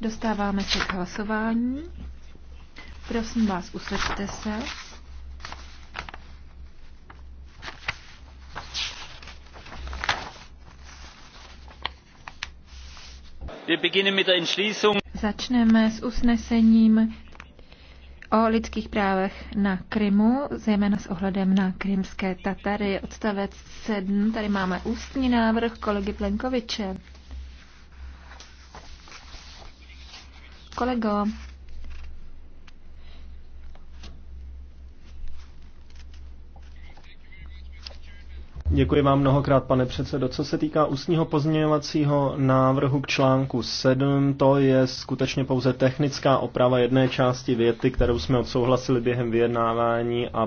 Dostáváme se k hlasování. Prosím vás, usaďte se. Začneme s usnesením o lidských právech na Krymu, zejména s ohledem na krymské Tatary. Odstavec 7, tady máme ústní návrh kolegy Plenkoviče. kolego. Děkuji vám mnohokrát, pane předsedo. Co se týká ústního pozměňovacího návrhu k článku 7, to je skutečně pouze technická oprava jedné části věty, kterou jsme odsouhlasili během vyjednávání a